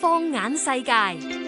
放眼世界。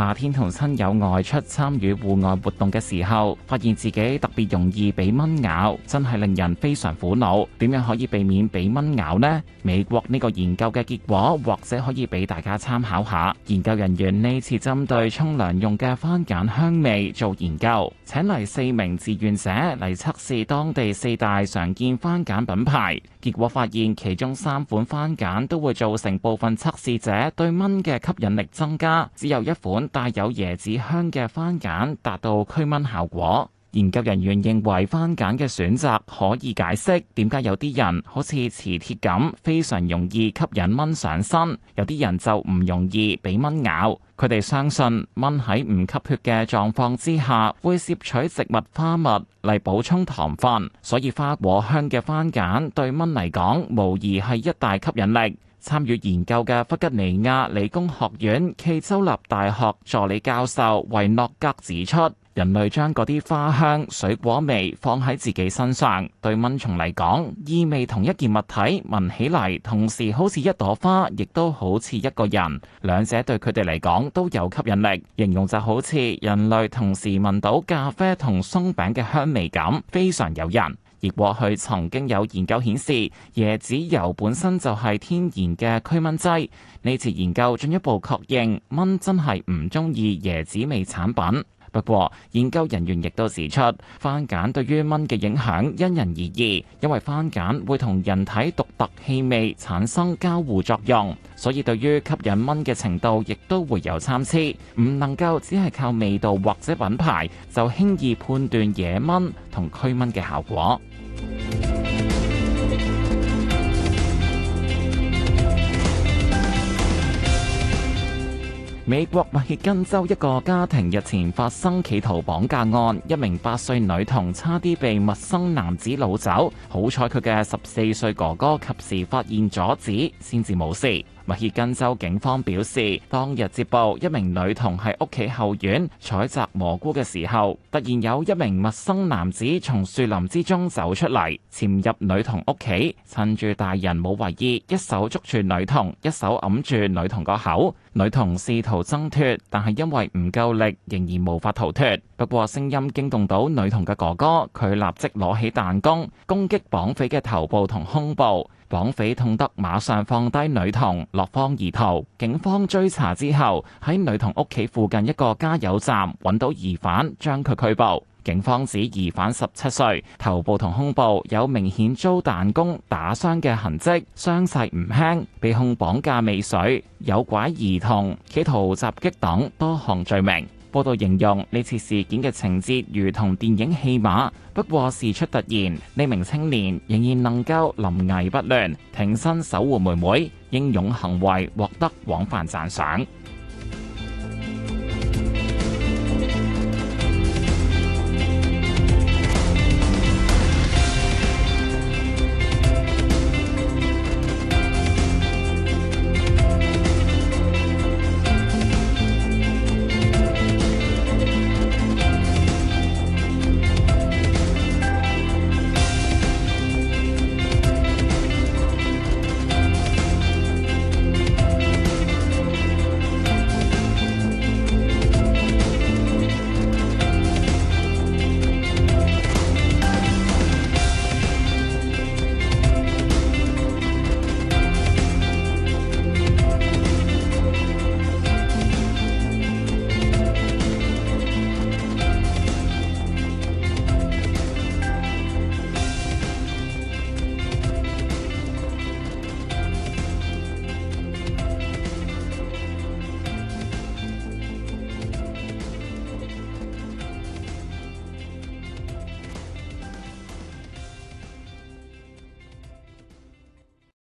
夏天同親友外出參與戶外活動嘅時候，發現自己特別容易俾蚊咬，真係令人非常苦惱。點樣可以避免俾蚊咬呢？美國呢個研究嘅結果，或者可以俾大家參考下。研究人員呢次針對沖涼用嘅番梘香味做研究，請嚟四名志願者嚟測試當地四大常見番梘品牌，結果發現其中三款番梘都會造成部分測試者對蚊嘅吸引力增加，只有一款，帶有椰子香嘅番梘達到驅蚊效果。研究人員認為番梘嘅選擇可以解釋點解有啲人好似磁鐵咁，非常容易吸引蚊上身；有啲人就唔容易俾蚊咬。佢哋相信蚊喺唔吸血嘅狀況之下，會攝取植物花蜜嚟補充糖分，所以花果香嘅番梘對蚊嚟講，無疑係一大吸引力。參與研究嘅弗吉尼亞理工學院暨州立大學助理教授維諾格指出，人類將嗰啲花香、水果味放喺自己身上，對蚊蟲嚟講，意味同一件物體聞起嚟，同時好似一朵花，亦都好似一個人，兩者對佢哋嚟講都有吸引力。形容就好似人類同時聞到咖啡同鬆餅嘅香味感，非常誘人。而過去曾經有研究顯示，椰子油本身就係天然嘅驅蚊劑。呢次研究進一步確認，蚊真係唔中意椰子味產品。不過，研究人員亦都指出，番梘對於蚊嘅影響因人而異，因為番梘會同人體獨特氣味產生交互作用，所以對於吸引蚊嘅程度亦都會有參差，唔能夠只係靠味道或者品牌就輕易判斷惹蚊同驅蚊嘅效果。美國密歇根州一個家庭日前發生企圖綁架案，一名八歲女童差啲被陌生男子擄走，好彩佢嘅十四歲哥哥及時發現阻止，先至冇事。密歇根州警方表示，當日接報一名女童喺屋企後院採摘蘑菇嘅時候，突然有一名陌生男子從樹林之中走出嚟，潛入女童屋企，趁住大人冇為意，一手捉住女童，一手揞住女童個口。女童試圖掙脫，但係因為唔夠力，仍然無法逃脱。不過聲音驚動到女童嘅哥哥，佢立即攞起彈弓攻擊綁匪嘅頭部同胸部。綁匪痛得馬上放低女童，落荒而逃。警方追查之後，喺女童屋企附近一個加油站揾到疑犯，將佢拘捕。警方指疑犯十七歲，頭部同胸部有明顯遭彈弓打傷嘅痕迹，傷勢唔輕，被控綁架未遂、誘拐兒童、企圖襲擊等多項罪名。報道形容呢次事件嘅情節如同電影戲碼，不過事出突然，呢名青年仍然能夠臨危不亂，挺身守護妹妹，英勇行為獲得廣泛讚賞。